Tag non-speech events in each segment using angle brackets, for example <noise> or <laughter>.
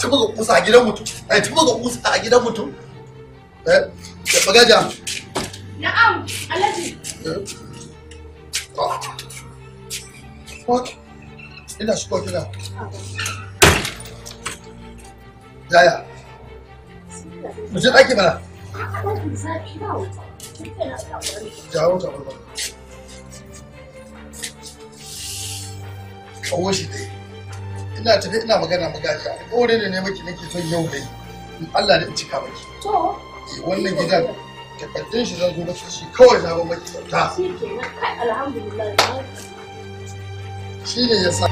ta buga kusa a gidan mutum a ta buga kusa a gidan mutum eh ya bagaja na'am eh. ina shigo gida yaya mu ɗaki mana jawo kawo shi dai ina tafi ina magana magashi alƙawari ne ne maki nake son yau dai in Allah da in cika maki to eh, wannan gidan takardun shi zan zo maki shi kawai na ba maki kyauta shi kenan alhamdulillah shi ne yasa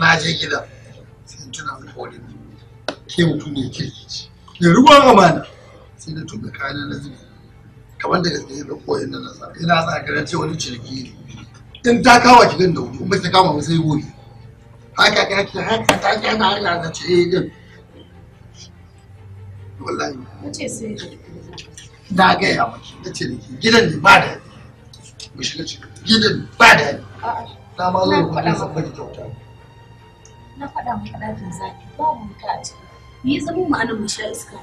na je gidan sai tuna alƙawarin ke mutum ne ke yi ne ruwan amana sai na tuka kayan na zubi kamar da gaske da koyon da na ina sa garan cewa wani ciniki ne in ta kawo ki gan da wuri in ba ta kama ba sai gobe haka ka ki haka ta ki eh, na Allah da ce din wallahi nace sai da ga ya miki da ciniki gidan ne ba da mu shiga ciki gidan ba da ta ma zo ku da sabba kyauta na faɗa maka ɗakin zaki babu muka a ciki ni zama mu anan mu sha iska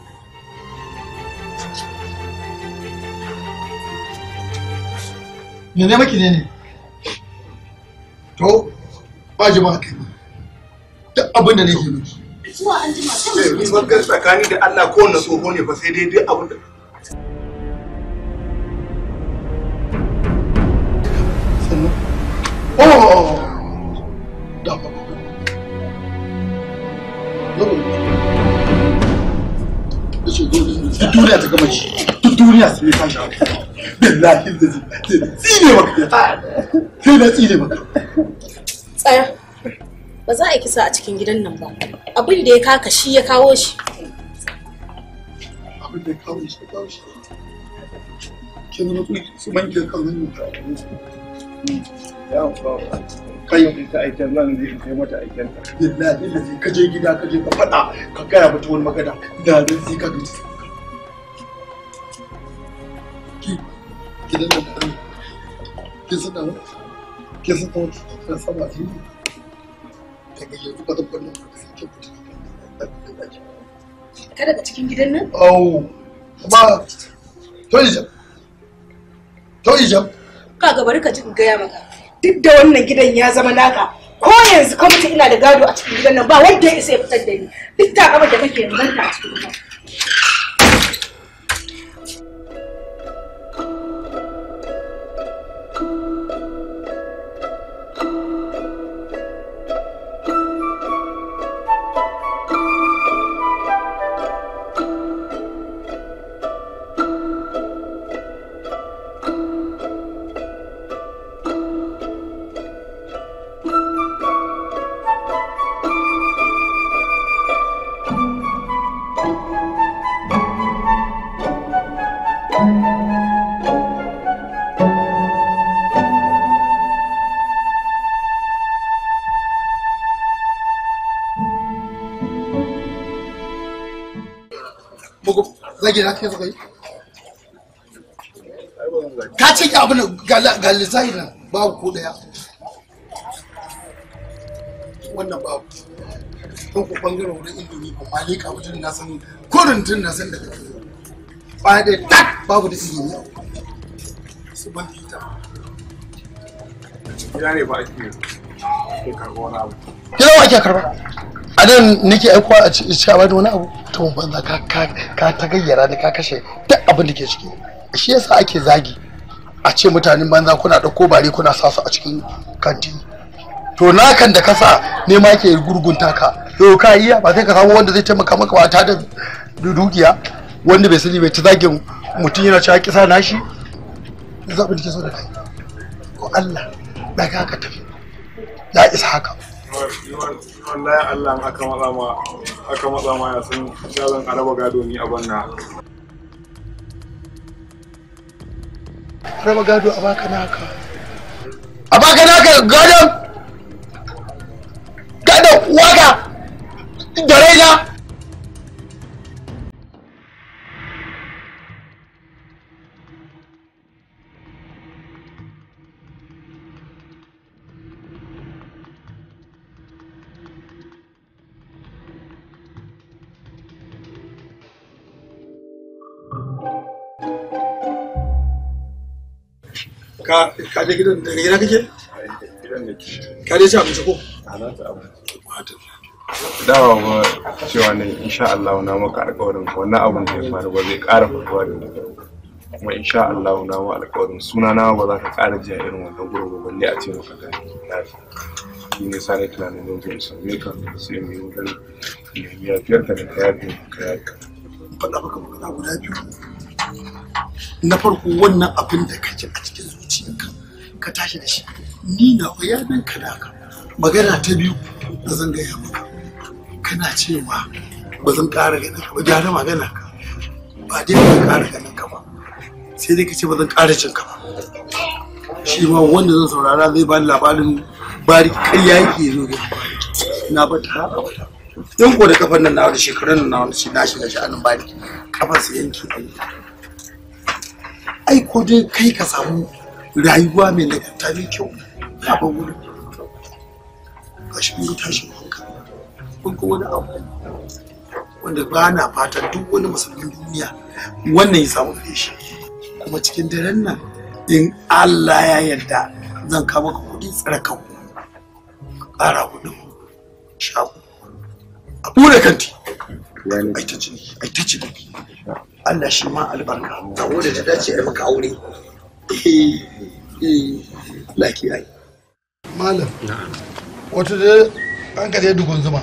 Thank you. me zai maki ne ne to ba ji ba kai duk abin da nake miki zuwa an jima sai mu eh, tsakani da Allah ko na tsoho ne ba sai dai duk abin da oh, oh, oh, oh! Da ba duniya ta gama shi. billahi da tsine maka kai na tsine maka tsaya ba za a kisa a cikin gidan nan ba abin da ya kaka shi ya kawo shi abin da ya kawo shi ya kawo shi ke zama su ya ta aikin nan zai kai mata aikin ta gida kaje ka faɗa ka gaya mata wani magana da gidan da ɗan kin san damu kin san damu na samu a jini daga yanzu ba zan barna ka sai kin fita ka daga cikin gidan nan? Au, ba to ijam. To ijam. Kaga bari ka ji in gaya maka. Duk da wannan gidan ya zama naka, ko yanzu ka mutu ina da gado a cikin gidan nan ba wanda ya isa ya fitar da ni. Duk da kama da kake yanzu ta a cikin gidan. zage za ka yi ka ce ki abin ga lissahi nan babu ko daya wannan babu ko ku bangaren wurin indomi ko ma wajen na san kurin tun na san daga baya dai tak babu da su ban fita ne ba kira wa ake karba a nan nake aikuwa a cikin abin wani abu to banza ka ta gayyara ni ka kashe duk abin da ke ciki shi yasa ake zagi a ce mutanen banza kuna ɗauko bare kuna sa su a cikin kanti to na kan da kasa ne ma ke gurgunta ka to ka iya ba sai ka samu wanda zai taimaka maka ba ta da dukiya wanda bai sani bai ta zagin mutum yana cewa kisa nashi zaɓin da ke so da kai ko Allah da ka tafi ya isa haka wallahi Allah aka matsa ma aka matsa ma ya san yaron araba gado ni a banna araba gado a baka naka a baka naka gado ka ka je gidan daga gida kake gidan ne ka je ci abinci ko ana ta abinci dawa ba cewa ne insha Allah na maka alƙawarin wannan abun da ya faru ba zai ƙara faruwa da wani kuma insha Allah na mu alƙawarin suna na ba za ka ƙara jiya irin wannan gurbin balle a ce maka da shi ne sa ne tunanin mun zo same ka sai mu yi wani nemi yafiyar ka da ka yafe ka yafe faɗa maka magana guda biyu na farko wannan abin da kake a cikin ka tashi da shi ni na ya bin ka da haka magana ta biyu da zan gaya maka kana cewa ba zan ƙara ganin ka ba gyara magana ka ba dai ba ƙara ganin ka ba sai dai ka ce ba zan ƙara cin ka ba shi ma wanda zan saurara zai ba labarin bari ƙarya yake zo da na ba ta haɗa wata yan ko da kafan nan na wani shekarun nan na wani shi na shi da sha'anin bari kafan su yanke ai ko dai kai ka samu rayuwa mai nagarta mai kyau ya ba wuri ga shi mun tashin hankali Kun ga wani abu wanda ba na fatan duk wani musulmin duniya wannan ya samu da kuma cikin daren nan in Allah ya yarda zan kawo maka kuɗi tsarakan ƙara kuɗin shago a bude kanti ai ta ciki ai ta ciki Allah shi ma albarka ta wanda ta dace a maka aure laki ai malam wata da an ka dugun zuma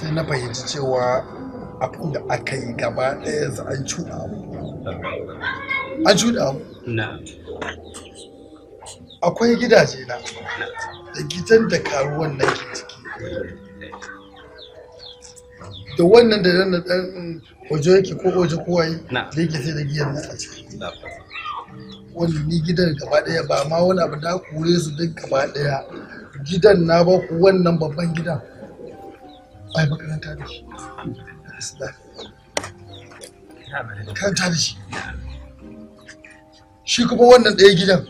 sai na fahimci cewa abin da aka yi gaba ɗaya za an cuɗa abu an cuɗa abu akwai gidaje na da gidan da karuwan nan ke ciki da wannan da nan dan ojo yake ko ojo kowa yi da yake sai da giyan nan a ciki wani ni gidan gaba daya ba ma wani abu da kure su duk gaba daya gidan na ba ku wannan babban gidan ai makaranta da shi makaranta da shi shi kuma wannan ɗaya gidan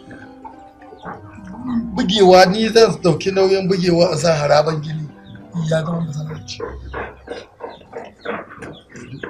bugewa ni zan dauki nauyin bugewa a sa haraban gini ya zama masallaci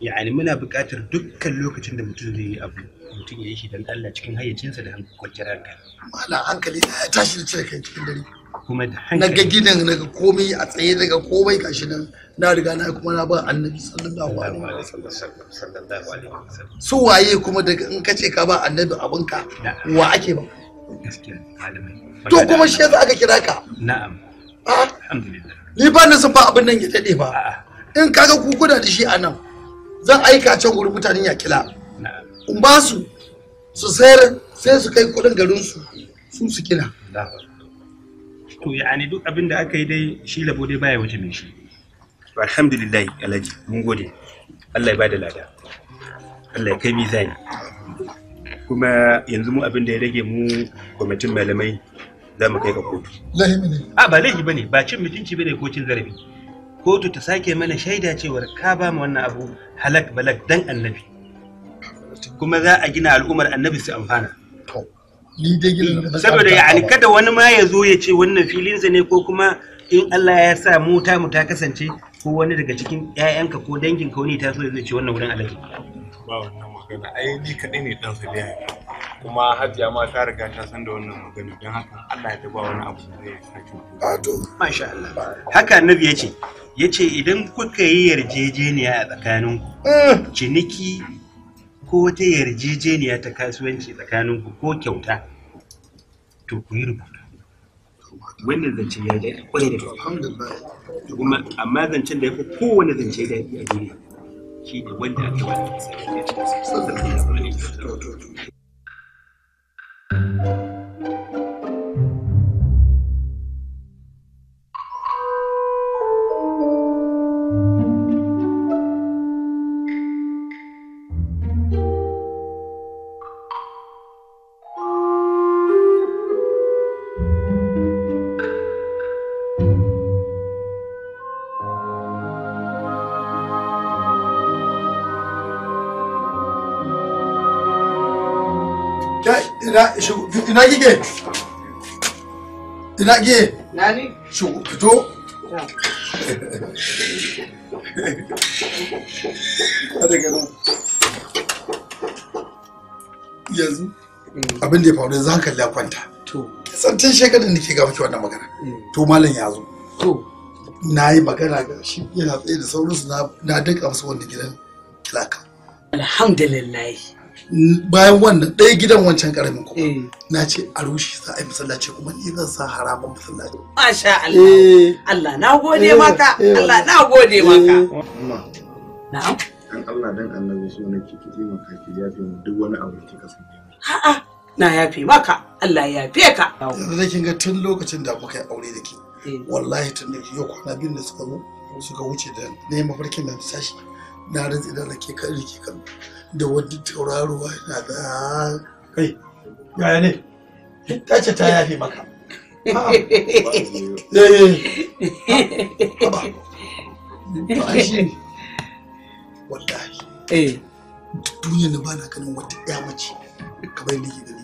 yani muna buƙatar dukkan lokacin da mutum zai yi abu mutum ya yi shi don Allah cikin hayyacinsa da kwanciyar hankali. Malam hankali ya tashi da cire kai cikin dare. Kuma da hankali. Naga gidan naga komai a tsaye daga komai gashi nan na riga na kuma na ba annabi sallallahu alaihi wa sallam. Su waye kuma daga in ka ce ka ba annabi abinka wa ake ba. To kuma shi yasa aka kira ka. Na'am. Ah? Alhamdulillah. Ni ba na san ba abin nan ya daɗe ba. In kaga kukuda da shi a nan. zan aika can wurin mutanen yakila in ba su su sayar sai su kai kudin garin su su su kila to yani duk abin da aka yi dai shi labo dai baya wuce mai shi alhamdulillah alhaji mun gode Allah ya bada lada Allah ya kai mizani kuma yanzu mu abin da ya rage mu kwamitin malamai za mu kai ka kotu a ba laifi bane ba cin mutunci bane ko cin zarafi kotu ta sake mana shaida cewar ka ba mu wannan abu halak balak dan annabi kuma za a gina al'ummar annabi su amfana saboda ya kada wani ma ya zo ya ce wannan filinsa ne ko kuma in Allah ya sa mu ta mu ta kasance ko wani daga cikin ƴaƴanka ko dangin ka wani ta so zai ce wannan wurin alaji ba wannan magana ai ni kadai ne dan sadiya kuma hajiya ma ta riga ta san da wannan magana don haka Allah ya ba wani abu zai sake ba to masha Allah haka annabi ya ce ya ce idan kuka yi yarjejeniya a tsakaninku eh. ciniki ko wata yarjejeniya ta kasuwanci tsakaninku ko kyauta to ku yi rubutu wannan zance ya daɗi kwanye da kuma amma zancen da ya fi kowane zance daɗi a duniya shi da wanda aka wani ina ina kike ina kike nani Shigo, fito yanzu mm. abin da ya faru yanzu hankali ya kwanta to santin shekarun da ke ga miki wannan magana mm. to malam ya zo to na yi magana ga shi yana tsaye da sauransu na duka musu wanda gidan kilaka alhamdulillah bayan wannan ɗaya gidan wancan ƙaramin kuma eh. na ce a rushe za a yi masallaci kuma ni zan sa haramun masallaci masha Allah eh. Allah na gode eh, maka Allah na gode maka na'am dan Allah dan annabi so ke ki taimaka ki yafe mu duk wani abu da kika san a'a na yafe maka Allah ya yafe ka yanzu da kin ga tun lokacin da muka yi aure da ke wallahi tun da yau kwana biyu da suka zo suka wuce da neman mafarkin da sashi na rantsi da nake kan rike kan da wani tauraruwa na da kai ne ta ce ta yafe maka eh, eh. wallahi eh. duniyar ganin wata mace kamar yadda ke da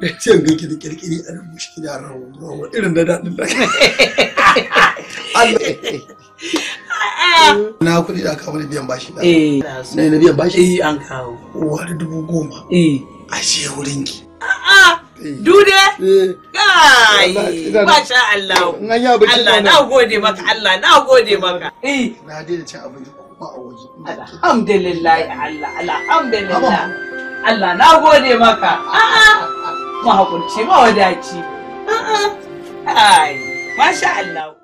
nake ga ki da kirkiri a rubu shi rawa irin da daɗin da <laughs> na kuɗi da aka wani biyan bashi da eh na biyan bashi eh an kawo wani dubu goma eh a ce wurin ki eh. dude eh. kai masha Allah Allah na gode maka Allah na gode maka eh na daina cin abinci kuma a waje alhamdulillah Allah alhamdulillah Allah na gode maka a'a mahakurci mawadaci a'a ai masha Allah